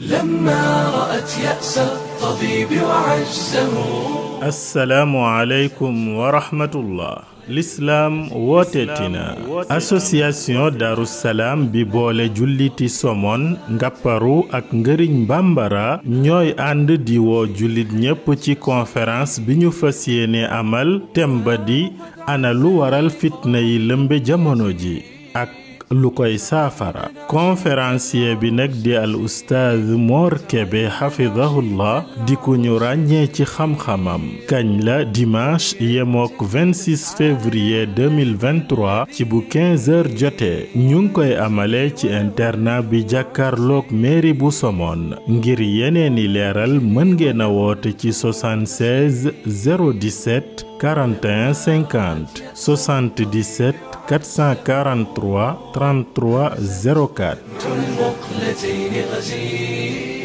لما رأت يأس الطبيب وعجزه asalaamualeykum wa daru salaam bi boole julliti somon ngàpparu ak ngëriñ bambara ñooy ànd di woo jullit ñépp ci conférence bi ñu fas yéene amal temba di ana lu waral fitna yi lëmbe jamono ji ak lu koy saafara conférencier bi nag di al ustaaz Mor Kébé xafidahullah di ko ñu ràññee ci xam-xamam kañ la dimanche yemook 26 février 2023 ci bu 15 heures jotee ñu ngi koy amale ci internat bi jàkkarlook mairie bu Somone ngir yeneeni leeral mën ngeen a woote ci 76 017 41 50 77 443 33 04